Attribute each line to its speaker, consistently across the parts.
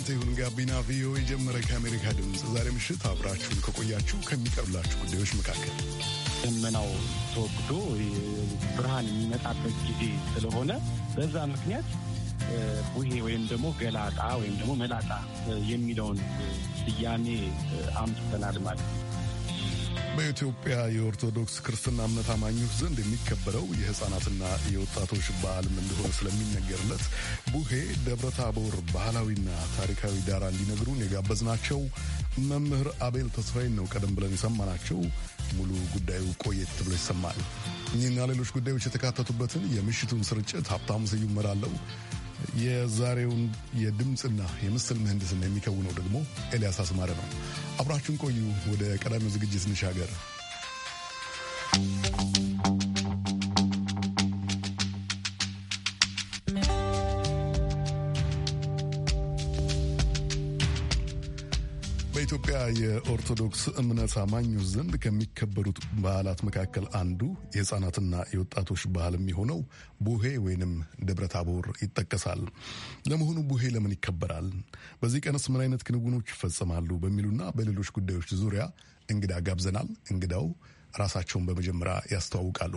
Speaker 1: እናንተ ይሁን ጋቢና ቪኦኤ ጀመረ። ከአሜሪካ ድምፅ ዛሬ ምሽት አብራችሁን ከቆያችሁ ከሚቀርብላችሁ ጉዳዮች መካከል ደመናው ተወግዶ
Speaker 2: ብርሃን የሚመጣበት ጊዜ ስለሆነ በዛ ምክንያት ቡሄ ወይም ደግሞ ገላጣ ወይም ደግሞ መላጣ የሚለውን ስያሜ አምጥተናል
Speaker 1: ማለት ነው። በኢትዮጵያ የኦርቶዶክስ ክርስትና እምነት አማኞች ዘንድ የሚከበረው የሕፃናትና የወጣቶች በዓልም እንደሆነ ስለሚነገርለት ቡሄ ደብረ ታቦር ባህላዊና ታሪካዊ ዳራ እንዲነግሩን የጋበዝናቸው መምህር አቤል ተስፋዬን ነው። ቀደም ብለን የሰማናቸው ሙሉ ጉዳዩ ቆየት ብሎ ይሰማል። እኚህና ሌሎች ጉዳዮች የተካተቱበትን የምሽቱን ስርጭት ሀብታሙ ስዩም እመራለሁ። የዛሬውን የድምፅና የምስል ምህንድስና የሚከውነው ደግሞ ኤልያስ አስማረ ነው። አብራችሁን ቆዩ። ወደ ቀዳሚው ዝግጅት እንሻገር። የኦርቶዶክስ እምነት አማኞች ዘንድ ከሚከበሩት በዓላት መካከል አንዱ የሕፃናትና የወጣቶች ባህል የሚሆነው ቡሄ ወይንም ደብረ ታቦር ይጠቀሳል። ለመሆኑ ቡሄ ለምን ይከበራል? በዚህ ቀንስ ምን አይነት ክንውኖች ይፈጸማሉ? በሚሉና በሌሎች ጉዳዮች ዙሪያ እንግዳ ጋብዘናል። እንግዳው ራሳቸውን በመጀመሪያ ያስተዋውቃሉ።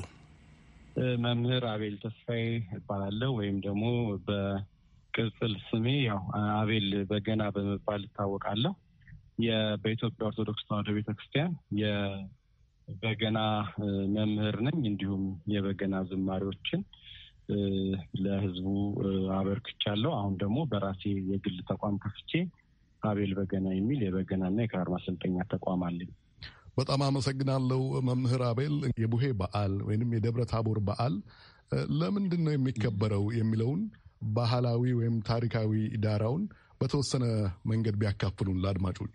Speaker 2: መምህር አቤል ተስፋዬ እባላለሁ ወይም ደግሞ በቅጽል ስሜ ያው አቤል በገና በመባል እታወቃለሁ። በኢትዮጵያ ኦርቶዶክስ ተዋህዶ ቤተክርስቲያን የበገና መምህር ነኝ። እንዲሁም የበገና ዝማሪዎችን ለህዝቡ አበርክቻለሁ። አሁን ደግሞ በራሴ የግል ተቋም ከፍቼ አቤል በገና የሚል የበገናና የክራር ማሰልጠኛ ተቋም
Speaker 1: አለኝ። በጣም አመሰግናለሁ መምህር አቤል። የቡሄ በዓል ወይም የደብረ ታቦር በዓል ለምንድን ነው የሚከበረው የሚለውን ባህላዊ ወይም ታሪካዊ ዳራውን በተወሰነ መንገድ ቢያካፍሉን ለአድማጮች።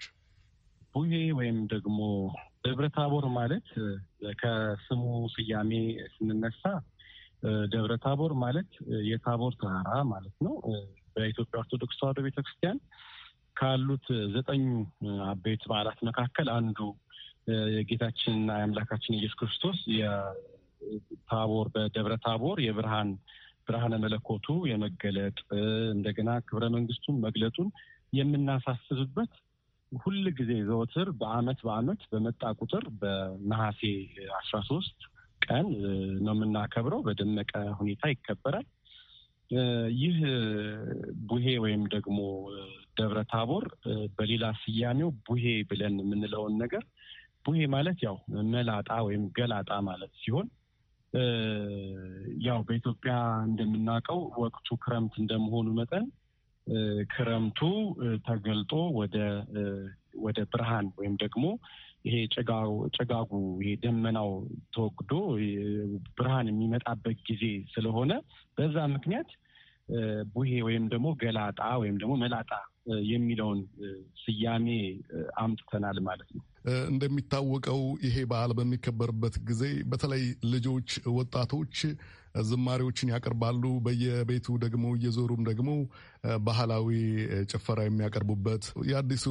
Speaker 2: ቡሄ ወይም ደግሞ ደብረ ታቦር ማለት ከስሙ ስያሜ ስንነሳ ደብረ ታቦር ማለት የታቦር ተራራ ማለት ነው። በኢትዮጵያ ኦርቶዶክስ ተዋሕዶ ቤተክርስቲያን ካሉት ዘጠኙ አበይት በዓላት መካከል አንዱ የጌታችንና የአምላካችን ኢየሱስ ክርስቶስ የታቦር በደብረ ታቦር የብርሃን ብርሃነ መለኮቱ የመገለጥ እንደገና ክብረ መንግስቱን መግለጡን የምናሳስብበት ሁል ጊዜ ዘወትር በአመት በአመት በመጣ ቁጥር በነሐሴ አስራ ሶስት ቀን ነው የምናከብረው። በደመቀ ሁኔታ ይከበራል። ይህ ቡሄ ወይም ደግሞ ደብረ ታቦር በሌላ ስያሜው ቡሄ ብለን የምንለውን ነገር ቡሄ ማለት ያው መላጣ ወይም ገላጣ ማለት ሲሆን ያው በኢትዮጵያ እንደምናውቀው ወቅቱ ክረምት እንደመሆኑ መጠን ክረምቱ ተገልጦ ወደ ወደ ብርሃን ወይም ደግሞ ይሄ ጭጋጉ ይሄ ደመናው ተወግዶ ብርሃን የሚመጣበት ጊዜ ስለሆነ በዛ ምክንያት ቡሄ ወይም ደግሞ ገላጣ ወይም ደግሞ መላጣ የሚለውን ስያሜ አምጥተናል ማለት ነው።
Speaker 1: እንደሚታወቀው ይሄ በዓል በሚከበርበት ጊዜ በተለይ ልጆች፣ ወጣቶች ዝማሬዎችን ያቀርባሉ። በየቤቱ ደግሞ እየዞሩም ደግሞ ባህላዊ ጭፈራ የሚያቀርቡበት የአዲሱ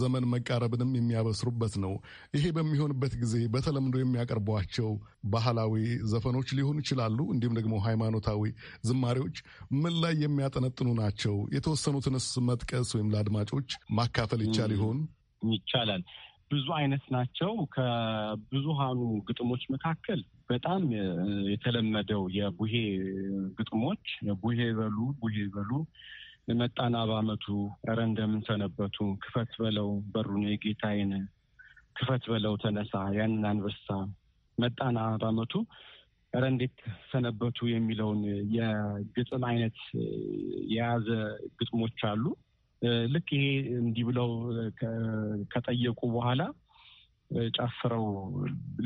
Speaker 1: ዘመን መቃረብንም የሚያበስሩበት ነው። ይሄ በሚሆንበት ጊዜ በተለምዶ የሚያቀርቧቸው ባህላዊ ዘፈኖች ሊሆኑ ይችላሉ። እንዲሁም ደግሞ ሃይማኖታዊ ዝማሬዎች ምን ላይ የሚያጠነጥኑ ናቸው? የተወሰኑትንስ መጥቀስ ወይም ለአድማጮች ማካፈል ይቻል ይሆን? ይቻላል። ብዙ አይነት ናቸው። ከብዙሃኑ ግጥሞች መካከል በጣም
Speaker 2: የተለመደው የቡሄ ግጥሞች ቡሄ በሉ ቡሄ በሉ መጣና በአመቱ ረ እንደምን ሰነበቱ ክፈት በለው በሩን የጌታዬን ክፈት በለው ተነሳ ያንን አንበሳ መጣና በአመቱ ረ እንዴት ሰነበቱ የሚለውን የግጥም አይነት የያዘ ግጥሞች አሉ። ልክ ይሄ እንዲህ ብለው ከጠየቁ በኋላ ጨፍረው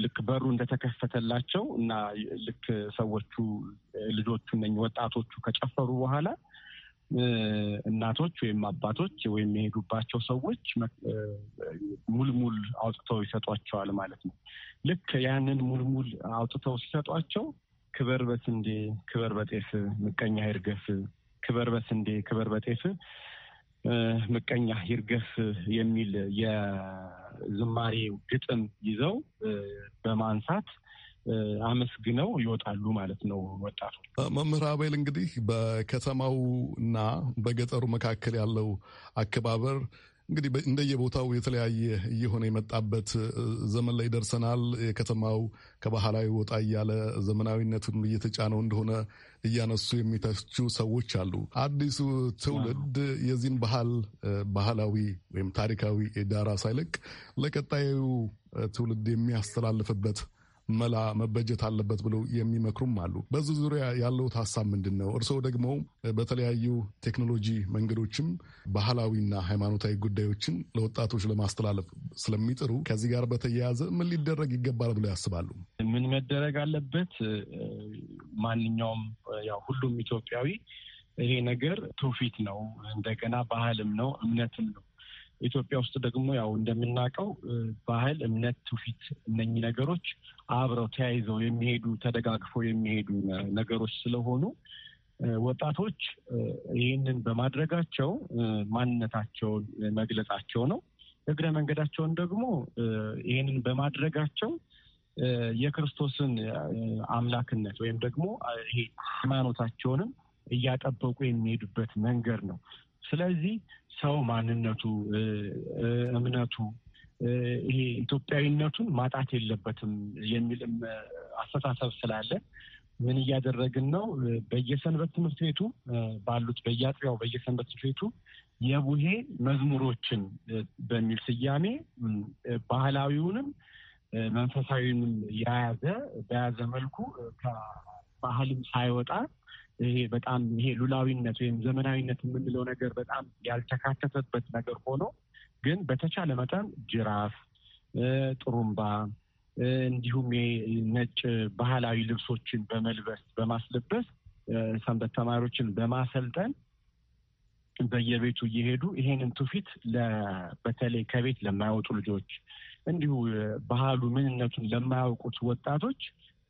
Speaker 2: ልክ በሩ እንደተከፈተላቸው እና ልክ ሰዎቹ ልጆቹ እነ ወጣቶቹ ከጨፈሩ በኋላ እናቶች ወይም አባቶች ወይም የሄዱባቸው ሰዎች ሙልሙል አውጥተው ይሰጧቸዋል ማለት ነው። ልክ ያንን ሙልሙል አውጥተው ሲሰጧቸው ክበር በስንዴ ክበር በጤፍ ምቀኛ ይርገፍ፣ ክበር በስንዴ ክበር በጤፍ ምቀኛ ይርገፍ የሚል የዝማሬ ግጥም ይዘው በማንሳት አመስግነው ይወጣሉ ማለት ነው። ወጣቱ
Speaker 1: መምህር አቤል እንግዲህ በከተማውና በገጠሩ መካከል ያለው አከባበር እንግዲህ እንደየቦታው የተለያየ እየሆነ የመጣበት ዘመን ላይ ደርሰናል። የከተማው ከባህላዊ ወጣ እያለ ዘመናዊነቱን እየተጫነው እንደሆነ እያነሱ የሚተቹ ሰዎች አሉ። አዲሱ ትውልድ የዚህን ባህል ባህላዊ ወይም ታሪካዊ ዳራ ሳይለቅ ለቀጣዩ ትውልድ የሚያስተላልፍበት መላ መበጀት አለበት ብለው የሚመክሩም አሉ። በዚህ ዙሪያ ያለውት ሀሳብ ምንድን ነው? እርስዎ ደግሞ በተለያዩ ቴክኖሎጂ መንገዶችም ባህላዊና ሃይማኖታዊ ጉዳዮችን ለወጣቶች ለማስተላለፍ ስለሚጥሩ ከዚህ ጋር በተያያዘ ምን ሊደረግ ይገባል ብለው ያስባሉ?
Speaker 2: ምን መደረግ አለበት? ማንኛውም ያው ሁሉም ኢትዮጵያዊ ይሄ ነገር ትውፊት ነው፣ እንደገና ባህልም ነው፣ እምነትም ነው። ኢትዮጵያ ውስጥ ደግሞ ያው እንደምናውቀው ባህል፣ እምነት፣ ትውፊት እነኚህ ነገሮች አብረው ተያይዘው የሚሄዱ ተደጋግፈው የሚሄዱ ነገሮች ስለሆኑ ወጣቶች ይህንን በማድረጋቸው ማንነታቸውን መግለጻቸው ነው። እግረ መንገዳቸውን ደግሞ ይህንን በማድረጋቸው የክርስቶስን አምላክነት ወይም ደግሞ ይሄ ሃይማኖታቸውንም እያጠበቁ የሚሄዱበት መንገድ ነው። ስለዚህ ሰው ማንነቱ፣ እምነቱ ይሄ ኢትዮጵያዊነቱን ማጣት የለበትም የሚልም አስተሳሰብ ስላለ ምን እያደረግን ነው? በየሰንበት ትምህርት ቤቱ ባሉት በየአጥቢያው በየሰንበት ትምህርት ቤቱ የቡሄ መዝሙሮችን በሚል ስያሜ ባህላዊውንም መንፈሳዊውንም የያዘ በያዘ መልኩ ከባህልም ሳይወጣ ይሄ በጣም ይሄ ሉላዊነት ወይም ዘመናዊነት የምንለው ነገር በጣም ያልተካተተበት ነገር ሆኖ ግን በተቻለ መጠን ጅራፍ፣ ጥሩምባ እንዲሁም ነጭ ባህላዊ ልብሶችን በመልበስ በማስለበስ ሰንበት ተማሪዎችን በማሰልጠን በየቤቱ እየሄዱ ይሄንን ትውፊት በተለይ ከቤት ለማይወጡ ልጆች እንዲሁ ባህሉ ምንነቱን ለማያውቁት ወጣቶች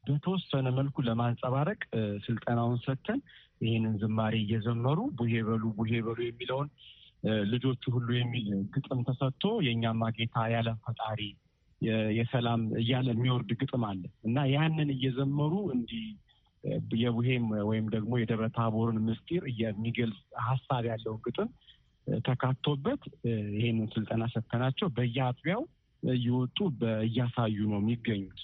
Speaker 2: በተወሰነ መልኩ ለማንጸባረቅ ስልጠናውን ሰጥተን ይህንን ዝማሬ እየዘመሩ ቡሄ በሉ ቡሄ በሉ የሚለውን ልጆቹ ሁሉ የሚል ግጥም ተሰጥቶ የእኛማ ጌታ ያለ ፈጣሪ የሰላም እያለ የሚወርድ ግጥም አለ እና ያንን እየዘመሩ እንዲህ የቡሄም ወይም ደግሞ የደብረ ታቦርን ምስጢር የሚገልጽ ሀሳብ ያለው ግጥም ተካቶበት ይህንን ስልጠና ሰጥተናቸው በየአጥቢያው እየወጡ እያሳዩ ነው የሚገኙት።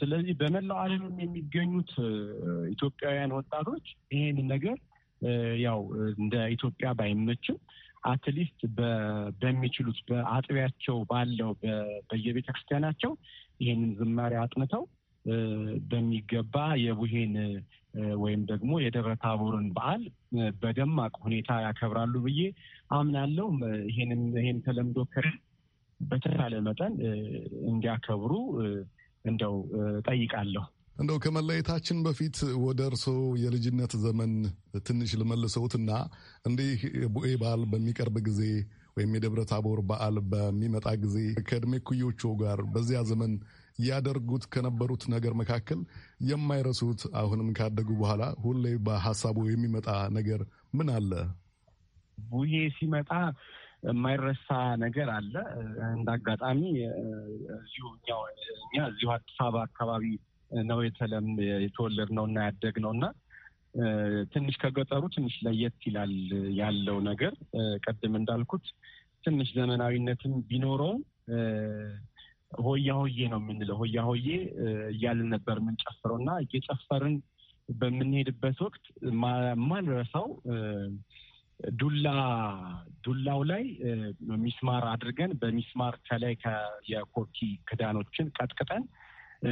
Speaker 2: ስለዚህ በመላው ዓለምም የሚገኙት ኢትዮጵያውያን ወጣቶች ይህን ነገር ያው እንደ ኢትዮጵያ ባይመችም አትሊስት በሚችሉት በአጥቢያቸው ባለው በየቤተ ክርስቲያናቸው ይህንን ዝማሬ አጥንተው በሚገባ የቡሄን ወይም ደግሞ የደብረ ታቦርን በዓል በደማቅ ሁኔታ ያከብራሉ ብዬ አምናለሁ። ይህንን ይህን ተለምዶ ከር በተሻለ መጠን እንዲያከብሩ እንደው ጠይቃለሁ።
Speaker 1: እንደው ከመለየታችን በፊት ወደ እርስዎ የልጅነት ዘመን ትንሽ ልመልሰውትና እንዲህ ቡኤ በዓል በሚቀርብ ጊዜ ወይም የደብረ ታቦር በዓል በሚመጣ ጊዜ ከእድሜ ኩዮቹ ጋር በዚያ ዘመን ያደርጉት ከነበሩት ነገር መካከል የማይረሱት አሁንም ካደጉ በኋላ ሁሌ በሀሳቡ የሚመጣ ነገር ምን አለ? ቡዬ ሲመጣ የማይረሳ ነገር አለ። እንደ አጋጣሚ
Speaker 2: እዚሁ እኛ እዚሁ አዲስ አበባ አካባቢ ነው ነው እና ነው እና ትንሽ ከገጠሩ ትንሽ ለየት ይላል ያለው ነገር። ቀድም እንዳልኩት ትንሽ ዘመናዊነትም ቢኖረውም ሆያ ሆዬ ነው የምንለው። ሆያ ሆዬ እያልን ነበር የምንጨፍረው እና እየጨፈርን በምንሄድበት ወቅት ማልረሳው ዱላ ዱላው ላይ ሚስማር አድርገን በሚስማር ከላይ የኮኪ ክዳኖችን ቀጥቅጠን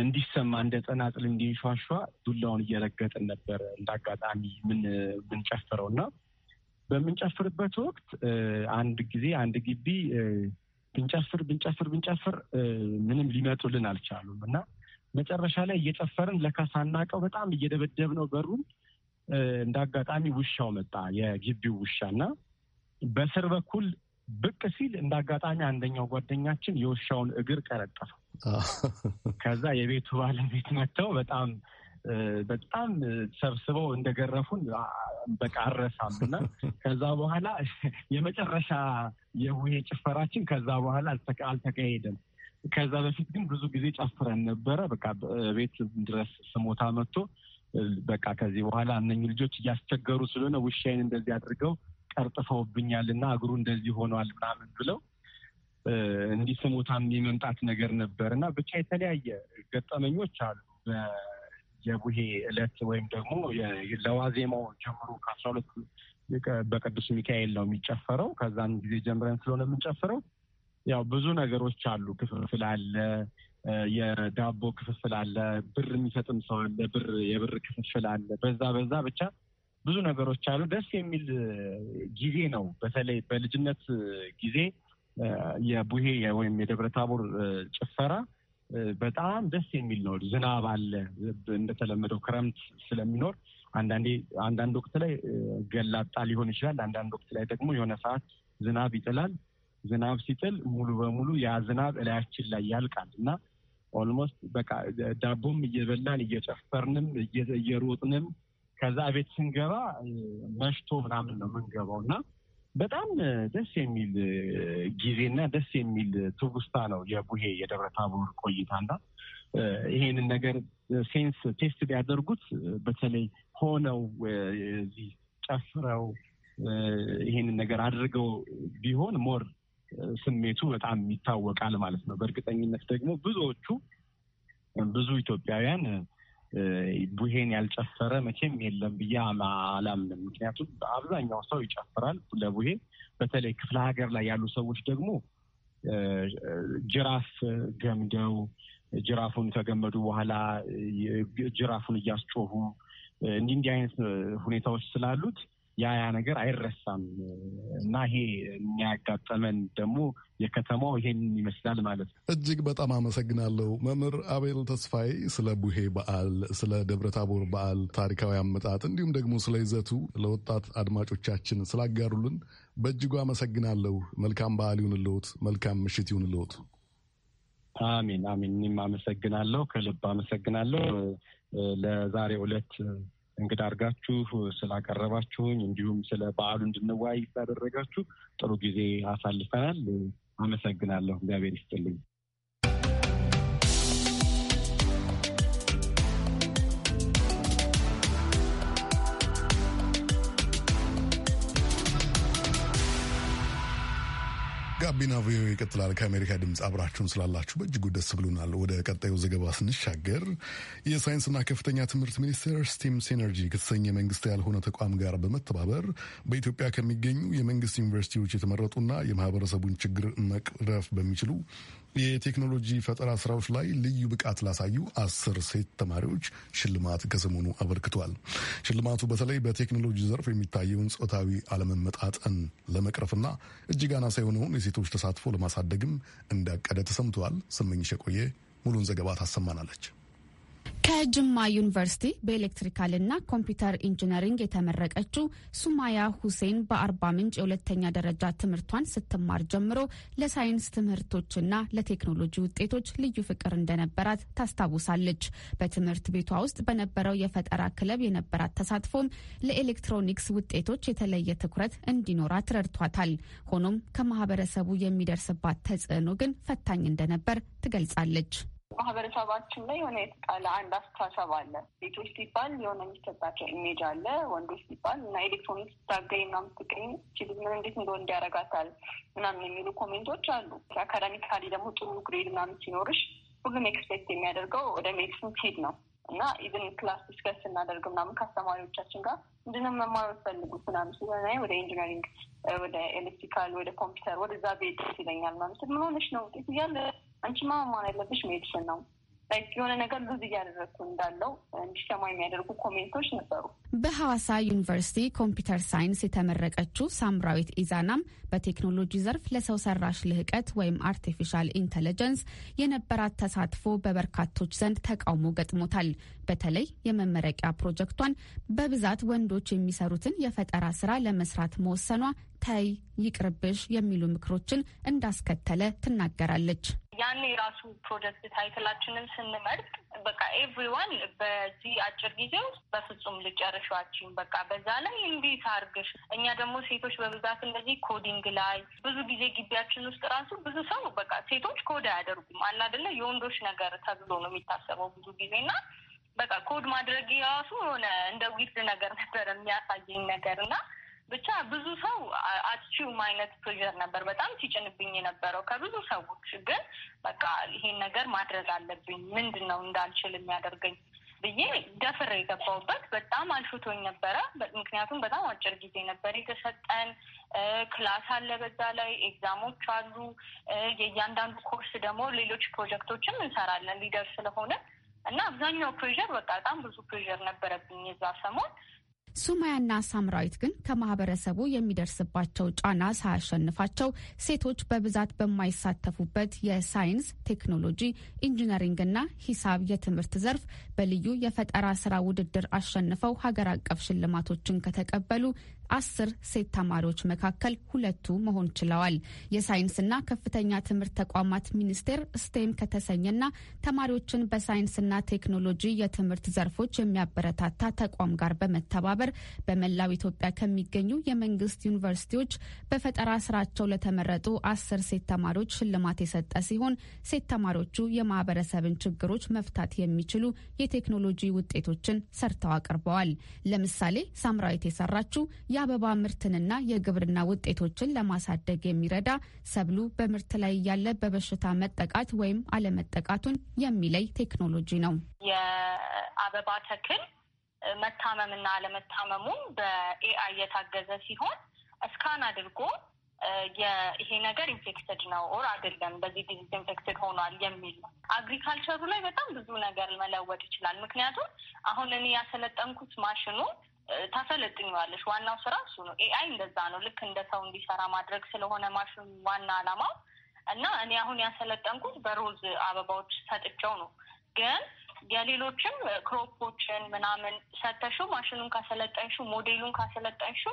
Speaker 2: እንዲሰማ እንደ ጸናጽል እንዲንሸዋሸዋ ዱላውን እየረገጥን ነበር። እንደ አጋጣሚ ምን ምንጨፍረው እና በምንጨፍርበት ወቅት አንድ ጊዜ አንድ ግቢ ብንጨፍር ብንጨፍር ብንጨፍር ምንም ሊመጡልን አልቻሉም እና መጨረሻ ላይ እየጨፈርን ለካ ሳናቀው በጣም እየደበደብነው በሩን እንደ አጋጣሚ ውሻው መጣ፣ የግቢው ውሻ እና በስር በኩል ብቅ ሲል እንደ አጋጣሚ አንደኛው ጓደኛችን የውሻውን እግር ቀረጠፈ። ከዛ የቤቱ ባለቤት መጥተው በጣም በጣም ሰብስበው እንደገረፉን በቃ አረሳም እና ከዛ በኋላ የመጨረሻ የውሄ ጭፈራችን ከዛ በኋላ አልተካሄደም። ከዛ በፊት ግን ብዙ ጊዜ ጨፍረን ነበረ። በቃ ቤት ድረስ ስሞታ መጥቶ በቃ ከዚህ በኋላ እነኝህ ልጆች እያስቸገሩ ስለሆነ ውሻዬን እንደዚህ አድርገው ቀርጥፈውብኛል እና እግሩ እንደዚህ ሆኗል ምናምን ብለው እንዲህ እንዲስሙታም የመምጣት ነገር ነበር እና ብቻ የተለያየ ገጠመኞች አሉ። የቡሄ እለት ወይም ደግሞ ለዋዜማው ጀምሮ ከአስራ ሁለቱ በቅዱስ ሚካኤል ነው የሚጨፈረው። ከዛም ጊዜ ጀምረን ስለሆነ የምንጨፍረው ያው ብዙ ነገሮች አሉ። ክፍፍል አለ፣ የዳቦ ክፍፍል አለ፣ ብር የሚሰጥም ሰው አለ፣ ብር የብር ክፍፍል አለ። በዛ በዛ ብቻ ብዙ ነገሮች አሉ። ደስ የሚል ጊዜ ነው። በተለይ በልጅነት ጊዜ የቡሄ ወይም የደብረ ታቦር ጭፈራ በጣም ደስ የሚል ነው። ዝናብ አለ። እንደተለመደው ክረምት ስለሚኖር አንዳንዴ አንዳንድ ወቅት ላይ ገላጣ ሊሆን ይችላል። አንዳንድ ወቅት ላይ ደግሞ የሆነ ሰዓት ዝናብ ይጥላል። ዝናብ ሲጥል ሙሉ በሙሉ ያ ዝናብ እላያችን ላይ ያልቃል እና ኦልሞስት በቃ ዳቦም እየበላን እየጨፈርንም እየሮጥንም ከዛ ቤት ስንገባ መሽቶ ምናምን ነው የምንገባው እና በጣም ደስ የሚል ጊዜና ደስ የሚል ትውስታ ነው የቡሄ የደብረ ታቦር እና ይሄንን ነገር ሴንስ ቴስት ቢያደርጉት በተለይ ሆነው እዚህ ጨፍረው ይሄንን ነገር አድርገው ቢሆን ሞር ስሜቱ በጣም ይታወቃል ማለት ነው። በእርግጠኝነት ደግሞ ብዙዎቹ ብዙ ኢትዮጵያውያን ቡሄን ያልጨፈረ መቼም የለም ብዬ አላምንም። ምክንያቱም አብዛኛው ሰው ይጨፍራል ለቡሄ። በተለይ ክፍለ ሀገር ላይ ያሉ ሰዎች ደግሞ ጅራፍ ገምደው ጅራፉን ከገመዱ በኋላ ጅራፉን እያስጮሁ እንዲህ እንዲህ አይነት ሁኔታዎች ስላሉት ያ ያ ነገር አይረሳም እና ይሄ የሚያጋጠመን ደግሞ የከተማው ይሄን ይመስላል ማለት ነው።
Speaker 1: እጅግ በጣም አመሰግናለሁ መምህር አቤል ተስፋዬ ስለ ቡሄ በዓል፣ ስለ ደብረ ታቦር በዓል ታሪካዊ አመጣጥ እንዲሁም ደግሞ ስለ ይዘቱ ለወጣት አድማጮቻችን ስላጋሩልን በእጅጉ አመሰግናለሁ። መልካም በዓል ይሁንልዎት። መልካም ምሽት ይሁንልዎት።
Speaker 2: አሚን አሚን። እኔም አመሰግናለሁ፣ ከልብ አመሰግናለሁ ለዛሬ ሁለት እንግዳ አድርጋችሁ ስላቀረባችሁኝ እንዲሁም ስለ በዓሉ እንድንወያይ ስላደረጋችሁ ጥሩ ጊዜ አሳልፈናል። አመሰግናለሁ። እግዚአብሔር ይስጥልኝ።
Speaker 1: ጋቢና ቪኦኤ ይቀጥላል። ከአሜሪካ ድምፅ አብራችሁን ስላላችሁ በእጅጉ ደስ ብሎናል። ወደ ቀጣዩ ዘገባ ስንሻገር የሳይንስና ከፍተኛ ትምህርት ሚኒስቴር ስቲም ሲነርጂ ከተሰኘ መንግስት ያልሆነ ተቋም ጋር በመተባበር በኢትዮጵያ ከሚገኙ የመንግስት ዩኒቨርሲቲዎች የተመረጡና የማህበረሰቡን ችግር መቅረፍ በሚችሉ የቴክኖሎጂ ፈጠራ ስራዎች ላይ ልዩ ብቃት ላሳዩ አስር ሴት ተማሪዎች ሽልማት ከሰሞኑ አበርክቷል። ሽልማቱ በተለይ በቴክኖሎጂ ዘርፍ የሚታየውን ጾታዊ አለመመጣጠን ለመቅረፍና እጅግ አናሳ የሆነውን የሴቶች ተሳትፎ ለማሳደግም እንዳቀደ ተሰምተዋል። ስመኝሽ የቆየ ሙሉን ዘገባ ታሰማናለች።
Speaker 3: ከጅማ ዩኒቨርሲቲ በኤሌክትሪካልና ኮምፒውተር ኢንጂነሪንግ የተመረቀችው ሱማያ ሁሴን በአርባ ምንጭ የሁለተኛ ደረጃ ትምህርቷን ስትማር ጀምሮ ለሳይንስ ትምህርቶችና ለቴክኖሎጂ ውጤቶች ልዩ ፍቅር እንደነበራት ታስታውሳለች። በትምህርት ቤቷ ውስጥ በነበረው የፈጠራ ክለብ የነበራት ተሳትፎም ለኤሌክትሮኒክስ ውጤቶች የተለየ ትኩረት እንዲኖራት ረድቷታል። ሆኖም ከማህበረሰቡ የሚደርስባት ተጽዕኖ ግን ፈታኝ እንደነበር ትገልጻለች።
Speaker 4: ማህበረሰባችን ላይ የሆነ የተጣለ አንድ አስተሳሰብ አለ። ሴቶች ሲባል የሆነ የሚሰጣቸው ኢሜጅ አለ። ወንዶች ሲባል እና ኤሌክትሮኒክ ስታገኝ እና ምትገኝ ችግር እንዴት እንደሆነ እንዲያረጋታል ምናምን የሚሉ ኮሜንቶች አሉ። አካዳሚካሊ ደግሞ ጥሩ ግሬድ ምናምን ሲኖርሽ ሁሉም ኤክስፔክት የሚያደርገው ወደ ሜዲሲን ሲሄድ ነው እና ኢቨን ክላስ ዲስከስ ስናደርግ ምናምን ከአስተማሪዎቻችን ጋር ምንድነው መማር ፈልጉት ምናምን ስለሆነ ወደ ኢንጂነሪንግ፣ ወደ ኤሌክትሪካል፣ ወደ ኮምፒውተር ወደዛ ቤት ይለኛል ማለት ምን ሆነሽ ነው ውጤት እያለ አንቺ ማ ያለብሽ ሜዲሲን ነው የሆነ ነገር ብዙ እያደረግኩ እንዳለው እንዲሰማ የሚያደርጉ ኮሜንቶች ነበሩ።
Speaker 3: በሐዋሳ ዩኒቨርሲቲ ኮምፒውተር ሳይንስ የተመረቀችው ሳምራዊት ኢዛናም በቴክኖሎጂ ዘርፍ ለሰው ሰራሽ ልህቀት ወይም አርቲፊሻል ኢንተለጀንስ የነበራት ተሳትፎ በበርካቶች ዘንድ ተቃውሞ ገጥሞታል። በተለይ የመመረቂያ ፕሮጀክቷን በብዛት ወንዶች የሚሰሩትን የፈጠራ ስራ ለመስራት መወሰኗ ተይ ይቅርብሽ የሚሉ ምክሮችን እንዳስከተለ ትናገራለች።
Speaker 5: ያን የራሱ ፕሮጀክት ታይትላችንን ስንመርጥ በቃ ኤቭሪዋን በዚህ አጭር ጊዜ ውስጥ በፍጹም ልጨርሻችን በቃ በዛ ላይ እንዴት አርግሽ። እኛ ደግሞ ሴቶች በብዛት እንደዚህ ኮዲንግ ላይ ብዙ ጊዜ ግቢያችን ውስጥ ራሱ ብዙ ሰው በቃ ሴቶች ኮድ አያደርጉም አላደለ የወንዶች ነገር ተብሎ ነው የሚታሰበው ብዙ ጊዜና በቃ ኮድ ማድረግ የራሱ የሆነ እንደ ዊርድ ነገር ነበር የሚያሳየኝ ነገር እና ብቻ ብዙ ሰው አትችውም አይነት ፕሬዠር ነበር በጣም ሲጭንብኝ የነበረው ከብዙ ሰዎች። ግን በቃ ይሄን ነገር ማድረግ አለብኝ ምንድን ነው እንዳልችል የሚያደርገኝ ብዬ ደፍር የገባውበት በጣም አልሽቶኝ ነበረ። ምክንያቱም በጣም አጭር ጊዜ ነበር የተሰጠን። ክላስ አለ፣ በዛ ላይ ኤግዛሞች አሉ። የእያንዳንዱ ኮርስ ደግሞ ሌሎች ፕሮጀክቶችም እንሰራለን ሊደር ስለሆነ እና አብዛኛው ፕሬዠር በቃ በጣም ብዙ ፕሬዠር ነበረብኝ የዛ ሰሞን
Speaker 3: ሱማያና ሳምራዊት ግን ከማህበረሰቡ የሚደርስባቸው ጫና ሳያሸንፋቸው ሴቶች በብዛት በማይሳተፉበት የሳይንስ ቴክኖሎጂ፣ ኢንጂነሪንግና ሂሳብ የትምህርት ዘርፍ በልዩ የፈጠራ ስራ ውድድር አሸንፈው ሀገር አቀፍ ሽልማቶችን ከተቀበሉ አስር ሴት ተማሪዎች መካከል ሁለቱ መሆን ችለዋል። የሳይንስና ከፍተኛ ትምህርት ተቋማት ሚኒስቴር ስቴም ከተሰኘና ተማሪዎችን በሳይንስና ቴክኖሎጂ የትምህርት ዘርፎች የሚያበረታታ ተቋም ጋር በመተባበር በመላው ኢትዮጵያ ከሚገኙ የመንግስት ዩኒቨርሲቲዎች በፈጠራ ስራቸው ለተመረጡ አስር ሴት ተማሪዎች ሽልማት የሰጠ ሲሆን ሴት ተማሪዎቹ የማህበረሰብን ችግሮች መፍታት የሚችሉ የቴክኖሎጂ ውጤቶችን ሰርተው አቅርበዋል። ለምሳሌ ሳምራዊት የሰራችው የአበባ ምርትንና የግብርና ውጤቶችን ለማሳደግ የሚረዳ ሰብሉ በምርት ላይ ያለ በበሽታ መጠቃት ወይም አለመጠቃቱን የሚለይ ቴክኖሎጂ ነው።
Speaker 5: የአበባ ተክል መታመምና አለመታመሙ በኤአይ የታገዘ ሲሆን እስካን አድርጎ ይሄ ነገር ኢንፌክትድ ነው ኦር አይደለም፣ በዚህ ዲዚዝ ኢንፌክትድ ሆኗል የሚል ነው። አግሪካልቸሩ ላይ በጣም ብዙ ነገር መለወጥ ይችላል። ምክንያቱም አሁን እኔ ያሰለጠንኩት ማሽኑ ታሰለጥኛዋለሽ። ዋናው ስራ እሱ ነው። ኤአይ እንደዛ ነው። ልክ እንደ ሰው እንዲሰራ ማድረግ ስለሆነ ማሽኑ ዋና አላማው እና እኔ አሁን ያሰለጠንኩት በሮዝ አበባዎች ሰጥቸው ነው። ግን የሌሎችም ክሮፖችን ምናምን ሰተሹ ማሽኑን ካሰለጠንሹ፣ ሞዴሉን ካሰለጠንሹ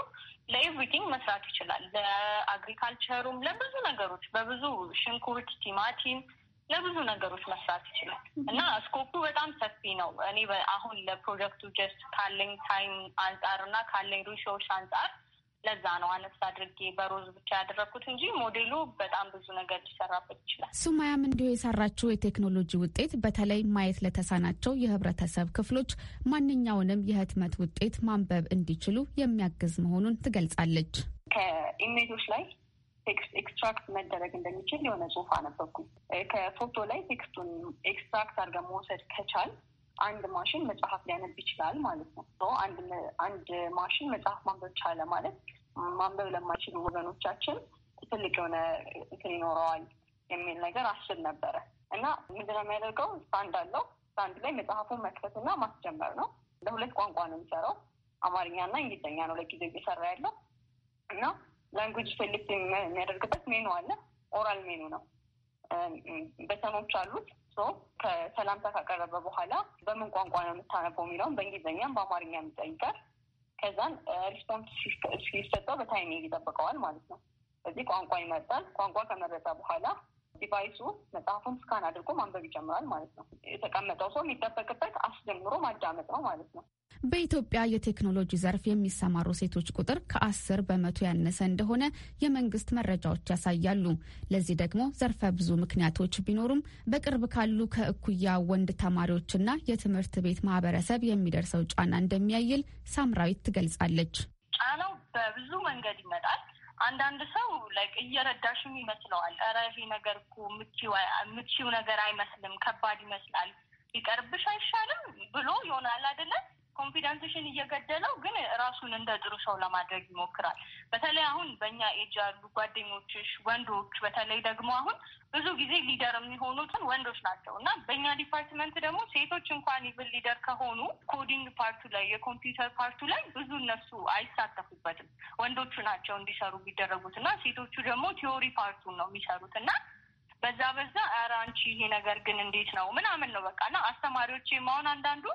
Speaker 5: ለኤቭሪቲንግ መስራት ይችላል። ለአግሪካልቸሩም፣ ለብዙ ነገሮች በብዙ ሽንኩርት፣ ቲማቲም ለብዙ ነገሮች መስራት ይችላል እና ስኮፑ በጣም ሰፊ ነው። እኔ አሁን ለፕሮጀክቱ ጀስት ካለኝ ታይም አንጻር እና ካለኝ ሪሶርስ አንጻር ለዛ ነው አነስ አድርጌ በሮዝ ብቻ ያደረግኩት እንጂ ሞዴሉ በጣም ብዙ ነገር ሊሰራበት
Speaker 3: ይችላል። ሱማያም እንዲሁ የሰራችው የቴክኖሎጂ ውጤት በተለይ ማየት ለተሳናቸው የህብረተሰብ ክፍሎች ማንኛውንም የህትመት ውጤት ማንበብ እንዲችሉ የሚያግዝ መሆኑን ትገልጻለች።
Speaker 4: ከኢሜጆች ላይ ኤክስትራክት መደረግ እንደሚችል የሆነ ጽሁፍ አነበብኩኝ። ከፎቶ ላይ ቴክስቱን ኤክስትራክት አድርገን መውሰድ ከቻል አንድ ማሽን መጽሐፍ ሊያነብ ይችላል ማለት ነው። አንድ ማሽን መጽሐፍ ማንበብ ቻለ ማለት ማንበብ ለማይችሉ ወገኖቻችን ትልቅ የሆነ እንትን ይኖረዋል የሚል ነገር አስብ ነበረ እና ምንድነው የሚያደርገው? ስታንድ አለው። ስታንድ ላይ መጽሐፉን መክፈትና ማስጀመር ነው። ለሁለት ቋንቋ ነው የሚሰራው፣ አማርኛና እንግሊዝኛ ነው ለጊዜው እየሰራ ያለው እና ላንጉጅ ፈልግ የሚያደርግበት ሜኑ አለ። ኦራል ሜኑ ነው። በተኖች አሉት። ከሰላምታ ካቀረበ በኋላ በምን ቋንቋ ነው የምታነበው የሚለውን በእንግሊዝኛም በአማርኛ የሚጠይቃል። ከዛን ሪስፖንስ ሲሰጠው በታይሚንግ ይጠብቀዋል ማለት ነው። እዚህ ቋንቋ ይመርጣል። ቋንቋ ከመረጠ በኋላ ዲቫይሱ መጽሐፉን ስካን አድርጎ ማንበብ ይጀምራል ማለት ነው። የተቀመጠው ሰው የሚጠበቅበት አስጀምሮ ማዳመጥ ነው ማለት ነው።
Speaker 3: በኢትዮጵያ የቴክኖሎጂ ዘርፍ የሚሰማሩ ሴቶች ቁጥር ከአስር በመቶ ያነሰ እንደሆነ የመንግስት መረጃዎች ያሳያሉ። ለዚህ ደግሞ ዘርፈ ብዙ ምክንያቶች ቢኖሩም በቅርብ ካሉ ከእኩያ ወንድ ተማሪዎችና የትምህርት ቤት ማህበረሰብ የሚደርሰው ጫና እንደሚያይል ሳምራዊት ትገልጻለች።
Speaker 5: ጫናው በብዙ መንገድ ይመጣል። አንዳንድ ሰው ላይክ እየረዳሽም ይመስለዋል። ኧረ ነገር እኮ ምቺው ነገር አይመስልም፣ ከባድ ይመስላል፣ ይቀርብሽ አይሻልም ብሎ ይሆናል አይደለም ኮንፊደንስሽን እየገደለው ግን ራሱን እንደ ጥሩ ሰው ለማድረግ ይሞክራል። በተለይ አሁን በእኛ ኤጅ ያሉ ጓደኞችሽ ወንዶች፣ በተለይ ደግሞ አሁን ብዙ ጊዜ ሊደር የሚሆኑትን ወንዶች ናቸው እና በእኛ ዲፓርትመንት ደግሞ ሴቶች እንኳን ይብል ሊደር ከሆኑ ኮዲንግ ፓርቱ ላይ የኮምፒውተር ፓርቱ ላይ ብዙ እነሱ አይሳተፉበትም። ወንዶቹ ናቸው እንዲሰሩ የሚደረጉት እና ሴቶቹ ደግሞ ቲዮሪ ፓርቱን ነው የሚሰሩት እና በዛ በዛ አራንቺ አንቺ ይሄ ነገር ግን እንዴት ነው ምናምን ነው በቃ እና አስተማሪዎች ማሆን አንዳንዱ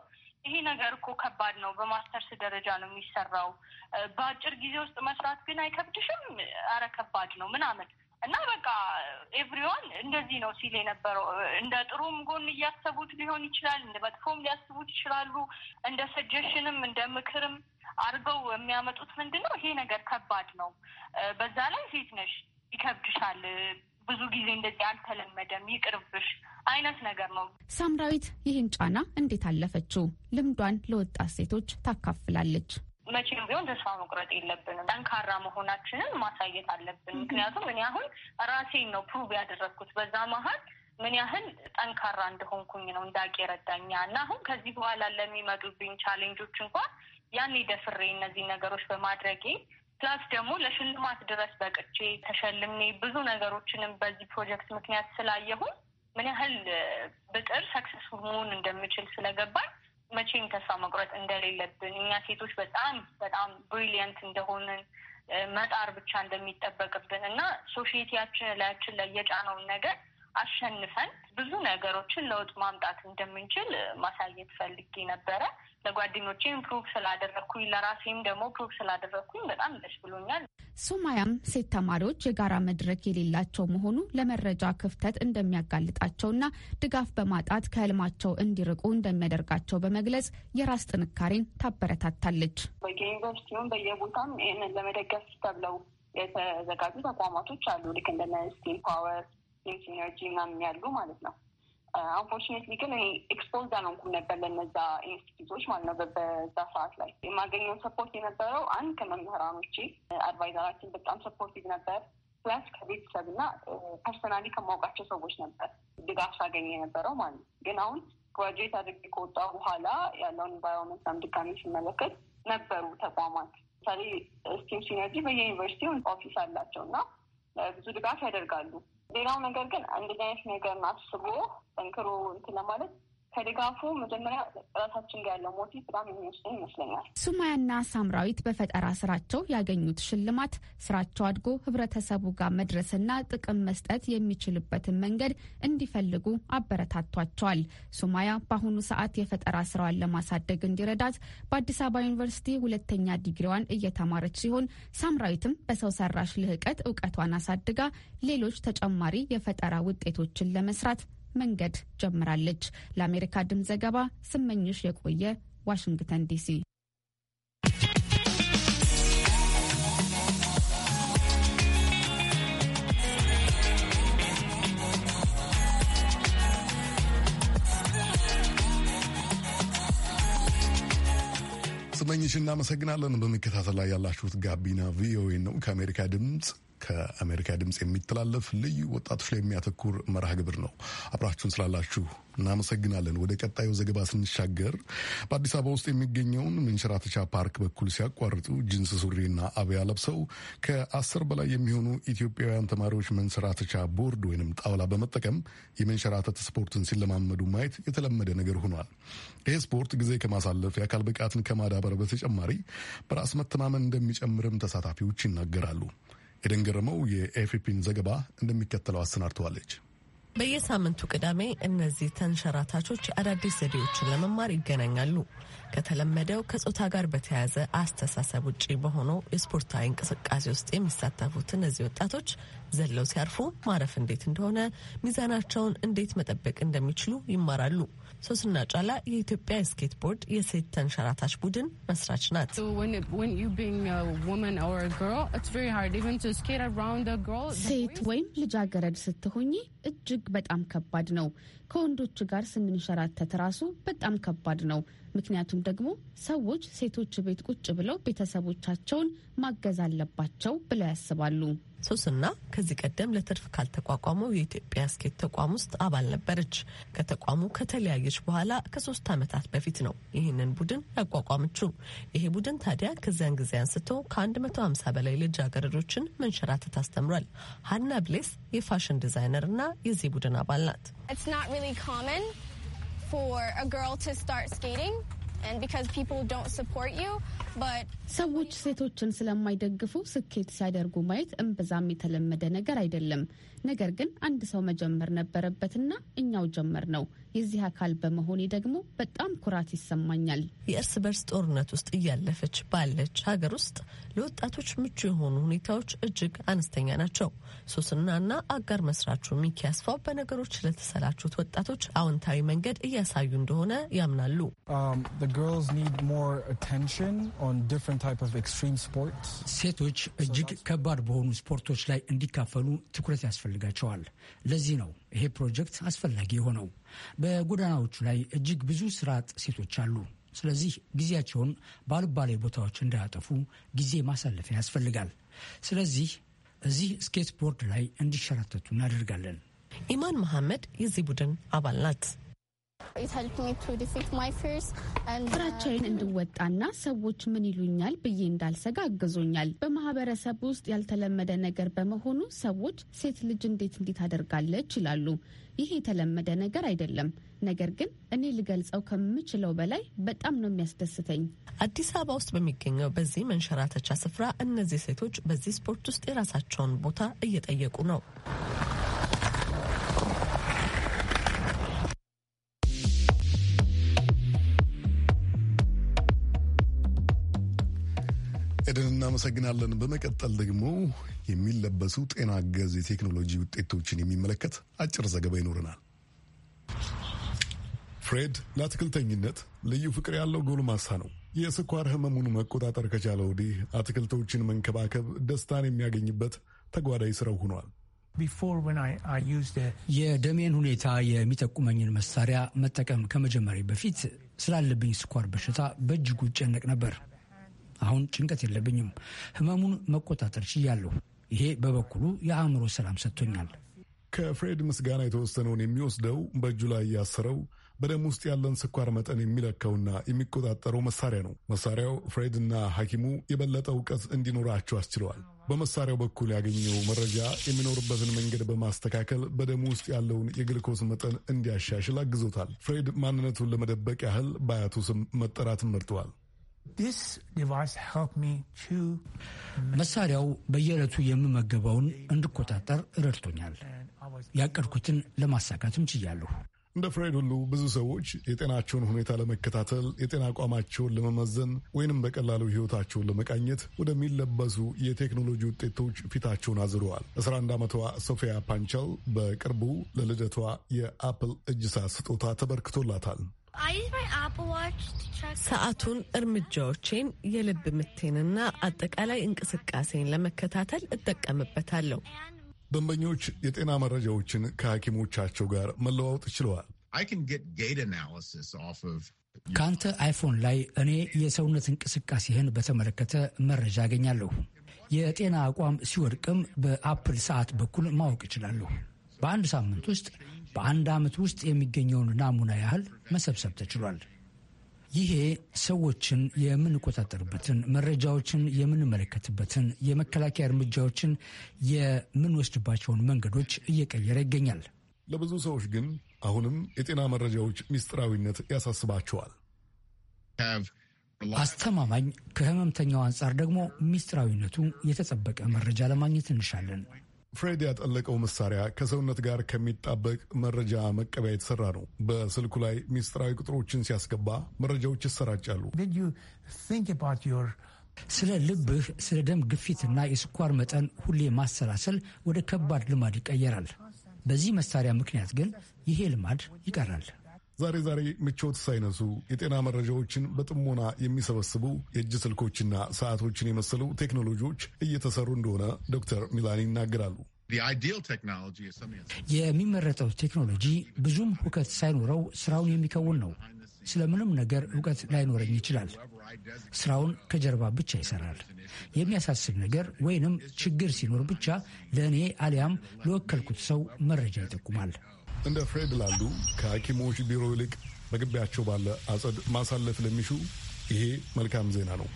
Speaker 5: ይሄ ነገር እኮ ከባድ ነው። በማስተርስ ደረጃ ነው የሚሰራው። በአጭር ጊዜ ውስጥ መስራት ግን አይከብድሽም? አረ ከባድ ነው ምናምን እና በቃ ኤቭሪዋን እንደዚህ ነው ሲል የነበረው። እንደ ጥሩም ጎን እያሰቡት ሊሆን ይችላል፣ እንደ መጥፎም ሊያስቡት ይችላሉ። እንደ ሰጀሽንም እንደ ምክርም አድርገው የሚያመጡት ምንድን ነው ይሄ ነገር ከባድ ነው፣ በዛ ላይ ሴት ነሽ፣ ይከብድሻል ብዙ ጊዜ እንደዚህ አልተለመደም፣ ይቅርብሽ አይነት ነገር ነው።
Speaker 3: ሳምራዊት ይህን ጫና እንዴት አለፈችው? ልምዷን ለወጣት ሴቶች ታካፍላለች።
Speaker 5: መቼም ቢሆን ተስፋ መቁረጥ የለብንም። ጠንካራ መሆናችንን ማሳየት አለብን። ምክንያቱም እኔ አሁን ራሴን ነው ፕሩቭ ያደረግኩት። በዛ መሀል ምን ያህል ጠንካራ እንደሆንኩኝ ነው እንዳውቅ የረዳኛ እና አሁን ከዚህ በኋላ ለሚመጡብኝ ቻሌንጆች እንኳን ያኔ ደፍሬ እነዚህ ነገሮች በማድረጌ ፕላስ ደግሞ ለሽልማት ድረስ በቅቼ ተሸልሜ ብዙ ነገሮችንም በዚህ ፕሮጀክት ምክንያት ስላየሁን ምን ያህል ብጥር ሰክሰስፉል መሆን እንደምችል ስለገባኝ መቼም ተስፋ መቁረጥ እንደሌለብን እኛ ሴቶች በጣም በጣም ብሪሊየንት እንደሆንን መጣር ብቻ እንደሚጠበቅብን እና ሶሽቲያችን ላያችን ላይ የጫነውን ነገር አሸንፈን ብዙ ነገሮችን ለውጥ ማምጣት እንደምንችል ማሳየት ፈልጌ ነበረ። ለጓደኞቼም ፕሩቭ ስላደረግኩኝ፣ ለራሴም ደግሞ ፕሩቭ ስላደረግኩኝ በጣም ደስ ብሎኛል።
Speaker 3: ሱማያም ሴት ተማሪዎች የጋራ መድረክ የሌላቸው መሆኑ ለመረጃ ክፍተት እንደሚያጋልጣቸውና ድጋፍ በማጣት ከህልማቸው እንዲርቁ እንደሚያደርጋቸው በመግለጽ የራስ ጥንካሬን ታበረታታለች።
Speaker 4: በየዩኒቨርሲቲውም በየቦታም ይህንን ለመደገፍ ተብለው የተዘጋጁ ተቋማቶች አሉ ልክ እንደነ ስቲል ፓወር ኢንሲነርጂ ሲነርጂ ምናምን ያሉ ማለት ነው። አንፎርችኔትሊ ግን እኔ ኤክስፖዝ አልሆንኩም ነበር ለነዛ ኢንስቲቱቶች ማለት ነው። በዛ ሰዓት ላይ የማገኘው ሰፖርት የነበረው አንድ ከመምህራኖቼ አድቫይዘራችን በጣም ሰፖርቲቭ ነበር። ፕላስ ከቤተሰብ እና ፐርሰናሊ ከማውቃቸው ሰዎች ነበር ድጋፍ ሳገኘ የነበረው ማለት ነው። ግን አሁን ግራጁዌት አድርጌ ከወጣ በኋላ ያለውን ኢንቫይሮንመንት ናም ድጋሚ ስመለከት ነበሩ ተቋማት ለምሳሌ ስቲም ሲነርጂ በየዩኒቨርሲቲው ኦፊስ አላቸው እና ብዙ ድጋፍ ያደርጋሉ ሌላው ነገር ግን እንደዚህ አይነት ነገር አስቦ ጠንክሮ እንትን ለማለት ከድጋፉ መጀመሪያ ራሳችን ጋር ያለው ሞቲቭ በጣም የሚወስደን ይመስለኛል።
Speaker 3: ሱማያና ሳምራዊት በፈጠራ ስራቸው ያገኙት ሽልማት ስራቸው አድጎ ህብረተሰቡ ጋር መድረስና ጥቅም መስጠት የሚችልበትን መንገድ እንዲፈልጉ አበረታቷቸዋል። ሱማያ በአሁኑ ሰዓት የፈጠራ ስራዋን ለማሳደግ እንዲረዳት በአዲስ አበባ ዩኒቨርሲቲ ሁለተኛ ዲግሪዋን እየተማረች ሲሆን፣ ሳምራዊትም በሰው ሰራሽ ልህቀት እውቀቷን አሳድጋ ሌሎች ተጨማሪ የፈጠራ ውጤቶችን ለመስራት መንገድ ጀምራለች። ለአሜሪካ ድምፅ ዘገባ ስመኝሽ የቆየ ዋሽንግተን ዲሲ።
Speaker 1: ስመኝሽ እናመሰግናለን። በመከታተል ላይ ያላችሁት ጋቢና ቪኦኤ ነው ከአሜሪካ ድምፅ ከአሜሪካ ድምፅ የሚተላለፍ ልዩ ወጣቶች ላይ የሚያተኩር መርሃ ግብር ነው። አብራችሁን ስላላችሁ እናመሰግናለን። ወደ ቀጣዩ ዘገባ ስንሻገር በአዲስ አበባ ውስጥ የሚገኘውን መንሸራተቻ ፓርክ በኩል ሲያቋርጡ ጅንስ ሱሪና አብያ ለብሰው ከአስር በላይ የሚሆኑ ኢትዮጵያውያን ተማሪዎች መንሸራተቻ ቦርድ ወይንም ጣውላ በመጠቀም የመንሸራተት ስፖርትን ሲለማመዱ ማየት የተለመደ ነገር ሆኗል። ይህ ስፖርት ጊዜ ከማሳለፍ የአካል ብቃትን ከማዳበር በተጨማሪ በራስ መተማመን እንደሚጨምርም ተሳታፊዎች ይናገራሉ። ኤደን ገረመው የኤፍፒን ዘገባ እንደሚከተለው አሰናድተዋለች።
Speaker 6: በየሳምንቱ ቅዳሜ እነዚህ ተንሸራታቾች አዳዲስ ዘዴዎችን ለመማር ይገናኛሉ። ከተለመደው ከጾታ ጋር በተያያዘ አስተሳሰብ ውጪ በሆነው የስፖርታዊ እንቅስቃሴ ውስጥ የሚሳተፉት እነዚህ ወጣቶች ዘለው ሲያርፉ ማረፍ እንዴት እንደሆነ፣ ሚዛናቸውን እንዴት መጠበቅ እንደሚችሉ ይማራሉ። ሶስና ጫላ የኢትዮጵያ ስኬትቦርድ የሴት ተንሸራታች ቡድን መስራች ናት።
Speaker 3: ሴት ወይም ልጃገረድ ስትሆኚ እጅግ እጅግ በጣም ከባድ ነው። ከወንዶች ጋር ስንንሸራተት ራሱ በጣም ከባድ ነው። ምክንያቱም ደግሞ ሰዎች ሴቶች ቤት ቁጭ ብለው ቤተሰቦቻቸውን ማገዝ አለባቸው ብለው ያስባሉ።
Speaker 6: ሶስና ከዚህ ቀደም ለትርፍ ካልተቋቋመው የኢትዮጵያ ስኬት ተቋም ውስጥ አባል ነበረች። ከተቋሙ ከተለያየች በኋላ ከሶስት ዓመታት በፊት ነው ይህንን ቡድን ያቋቋመችው። ይሄ ቡድን ታዲያ ከዚያን ጊዜ አንስቶ ከ150 በላይ ልጃገረዶችን መንሸራተት አስተምሯል። ሀና ብሌስ የፋሽን ዲዛይነር እና የዚህ ቡድን አባል ናት። for a girl to start skating and because people don't support you,
Speaker 3: ሰዎች ሴቶችን ስለማይደግፉ ስኬት ሲያደርጉ ማየት እምብዛም የተለመደ ነገር አይደለም። ነገር ግን አንድ ሰው መጀመር ነበረበትና እኛው ጀመር ነው። የዚህ አካል በመሆኔ ደግሞ በጣም ኩራት ይሰማኛል።
Speaker 6: የእርስ በርስ ጦርነት ውስጥ እያለፈች ባለች ሀገር ውስጥ ለወጣቶች ምቹ የሆኑ ሁኔታዎች እጅግ አነስተኛ ናቸው። ሶስናና አጋር መስራቹ ሚኪ አስፋው በነገሮች ለተሰላቹት ወጣቶች አዎንታዊ መንገድ እያሳዩ እንደሆነ ያምናሉ። um, ሴቶች እጅግ ከባድ በሆኑ ስፖርቶች
Speaker 7: ላይ እንዲካፈሉ ትኩረት ያስፈልጋቸዋል። ለዚህ ነው ይሄ ፕሮጀክት አስፈላጊ የሆነው። በጎዳናዎቹ ላይ እጅግ ብዙ ስራ አጥ ሴቶች አሉ። ስለዚህ ጊዜያቸውን ባልባሌ ቦታዎች እንዳያጠፉ ጊዜ ማሳለፊያ ያስፈልጋል። ስለዚህ እዚህ ስኬት ቦርድ ላይ እንዲሸራተቱ እናደርጋለን። ኢማን መሐመድ የዚህ ቡድን አባል
Speaker 3: ናት። ስራቸውን uh, እንድወጣና ሰዎች ምን ይሉኛል ብዬ እንዳልሰጋ አግዞኛል። በማህበረሰብ ውስጥ ያልተለመደ ነገር በመሆኑ ሰዎች ሴት ልጅ እንዴት እንዴት አደርጋለች ይላሉ። ይህ የተለመደ ነገር አይደለም። ነገር ግን እኔ ልገልጸው ከምችለው በላይ በጣም ነው የሚያስደስተኝ።
Speaker 6: አዲስ አበባ ውስጥ በሚገኘው በዚህ መንሸራተቻ ስፍራ እነዚህ ሴቶች በዚህ ስፖርት ውስጥ የራሳቸውን ቦታ እየጠየቁ ነው።
Speaker 1: እናመሰግናለን። በመቀጠል ደግሞ የሚለበሱ ጤና አገዝ የቴክኖሎጂ ውጤቶችን የሚመለከት አጭር ዘገባ ይኖረናል። ፍሬድ ለአትክልተኝነት ልዩ ፍቅር ያለው ጎልማሳ ነው። የስኳር ህመሙን መቆጣጠር ከቻለ ወዲህ አትክልቶችን መንከባከብ ደስታን የሚያገኝበት ተጓዳይ ስራው ሆኗል።
Speaker 7: የደሜን ሁኔታ የሚጠቁመኝን መሳሪያ መጠቀም ከመጀመሪያ በፊት ስላለብኝ ስኳር በሽታ በእጅጉ ይጨነቅ ነበር። አሁን ጭንቀት የለብኝም። ህመሙን መቆጣጠር ችያለሁ። ይሄ
Speaker 1: በበኩሉ የአእምሮ ሰላም ሰጥቶኛል። ከፍሬድ ምስጋና የተወሰነውን የሚወስደው በእጁ ላይ ያሰረው በደም ውስጥ ያለን ስኳር መጠን የሚለካውና የሚቆጣጠረው መሳሪያ ነው። መሳሪያው ፍሬድና ሐኪሙ የበለጠ እውቀት እንዲኖራቸው አስችለዋል። በመሳሪያው በኩል ያገኘው መረጃ የሚኖርበትን መንገድ በማስተካከል በደም ውስጥ ያለውን የግልኮስ መጠን እንዲያሻሽል አግዞታል። ፍሬድ ማንነቱን ለመደበቅ ያህል በአያቱ ስም መጠራትን መርጠዋል።
Speaker 7: መሳሪያው በየዕለቱ የምመገበውን እንድቆጣጠር ረድቶኛል። ያቀድኩትን ለማሳካትም ችያለሁ።
Speaker 1: እንደ ፍሬድ ሁሉ ብዙ ሰዎች የጤናቸውን ሁኔታ ለመከታተል የጤና አቋማቸውን ለመመዘን ወይንም በቀላሉ ሕይወታቸውን ለመቃኘት ወደሚለበሱ የቴክኖሎጂ ውጤቶች ፊታቸውን አዝረዋል። 11 ዓመቷ ሶፊያ ፓንቻል በቅርቡ ለልደቷ የአፕል እጅ ሰዓት ስጦታ ተበርክቶላታል። ሰዓቱን፣ እርምጃዎቼን፣
Speaker 6: የልብ ምቴንና አጠቃላይ እንቅስቃሴን ለመከታተል እጠቀምበታለሁ።
Speaker 1: ደንበኞች የጤና መረጃዎችን ከሐኪሞቻቸው ጋር መለዋወጥ ችለዋል።
Speaker 7: ከአንተ አይፎን ላይ እኔ የሰውነት እንቅስቃሴህን በተመለከተ መረጃ አገኛለሁ። የጤና አቋም ሲወድቅም በአፕል ሰዓት በኩል ማወቅ እችላለሁ። በአንድ ሳምንት ውስጥ በአንድ ዓመት ውስጥ የሚገኘውን ናሙና ያህል መሰብሰብ ተችሏል። ይሄ ሰዎችን የምንቆጣጠርበትን፣ መረጃዎችን የምንመለከትበትን፣ የመከላከያ እርምጃዎችን የምንወስድባቸውን መንገዶች እየቀየረ ይገኛል።
Speaker 1: ለብዙ ሰዎች ግን አሁንም የጤና መረጃዎች ሚስጥራዊነት ያሳስባቸዋል። አስተማማኝ
Speaker 7: ከህመምተኛው አንጻር ደግሞ ሚስጥራዊነቱ የተጠበቀ መረጃ ለማግኘት እንሻለን።
Speaker 1: ፍሬድ ያጠለቀው መሳሪያ ከሰውነት ጋር ከሚጣበቅ መረጃ መቀበያ የተሰራ ነው። በስልኩ ላይ ሚስጥራዊ ቁጥሮችን ሲያስገባ መረጃዎች ይሰራጫሉ።
Speaker 7: ስለ ልብህ፣ ስለ ደም ግፊትና የስኳር መጠን ሁሌ ማሰላሰል ወደ ከባድ ልማድ ይቀየራል። በዚህ መሳሪያ ምክንያት ግን ይሄ ልማድ
Speaker 1: ይቀራል። ዛሬ ዛሬ ምቾት ሳይነሱ የጤና መረጃዎችን በጥሞና የሚሰበስቡ የእጅ ስልኮችና ሰዓቶችን የመሰሉ ቴክኖሎጂዎች እየተሰሩ እንደሆነ ዶክተር ሚላኒ ይናገራሉ።
Speaker 7: የሚመረጠው ቴክኖሎጂ ብዙም ሁከት ሳይኖረው ስራውን የሚከውን ነው። ስለምንም ነገር እውቀት ላይኖረኝ ይችላል። ስራውን ከጀርባ ብቻ ይሰራል። የሚያሳስብ ነገር ወይንም ችግር ሲኖር ብቻ ለእኔ አሊያም ለወከልኩት ሰው መረጃ ይጠቁማል።
Speaker 1: እንደ ፍሬድ ላሉ ከሐኪሞች ቢሮ ይልቅ በግቢያቸው ባለ አጸድ ማሳለፍ ለሚሹ ይሄ መልካም ዜና ነው።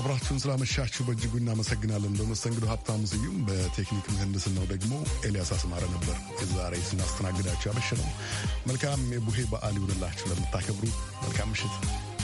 Speaker 1: አብራችሁን ስላመሻችሁ በእጅጉ እናመሰግናለን። በመስተንግዶ ሀብታሙ ስዩም፣ በቴክኒክ ምህንድስናው ደግሞ ኤልያስ አስማረ ነበር። የዛሬ ስናስተናግዳችሁ ያመሸ ነው። መልካም የቡሄ በዓል ይሁንላችሁ ለምታከብሩ መልካም ምሽት።